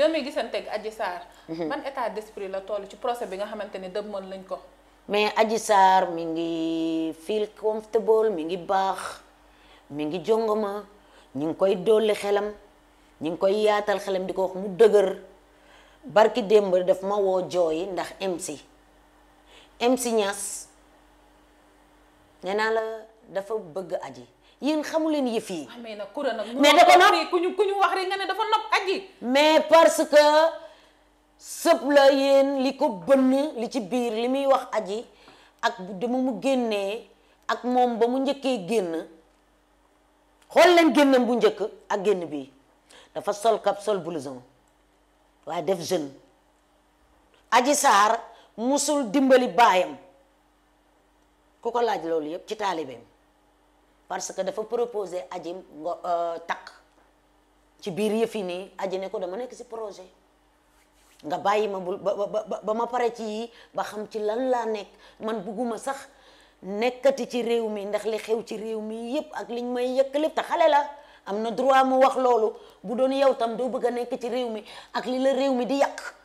yow mi gisanteeg aji Sarr. man mhm. état d'esprit la toll ci procès bi nga xamante ne dëmmoon lañ ko. mais aji Sarr mi ngi feel comfortable mi ngi baax mi ngi jongama ñi ngi koy dolli xelam ñi ngi koy yaatal xelam di ko wax mu dëgër barki démb daf ma woo jooy ndax MC MC Niass la dafa bëgg aji yéen xamuleen leen yëf yi. Ah, mais nag kura nag. ku ñu ku ñu wax rek nga ne dafa nopp aji. mais parce que sëb la yéen li ko bënn li ci biir li muy wax aji ak bu dama mu génnee ak moom ba mu njëkkee génn xool leen génnam bu njëkk ak génn bi dafa sol cap sol blouson waaye def jeune aji saar mosul dimbali baayam ku ko laaj loolu yëpp ci taalibeem. parce que dafa proposer aji ngo euh, takk ci biir yëf yi nii aji ne ko dama nekk si projet nga bàyyi ma bul ba ba ba ma pare ci yii ba xam ci lan laa nekk man bugguma sax nekkati ci réew mi ndax li xew ci réew mi yépp ak liñ may yëkk lépp te xale la am na droit mu wax loolu bu doon yow tam doo bëgg a nekk ci réew mi ak li la réew mi di yàq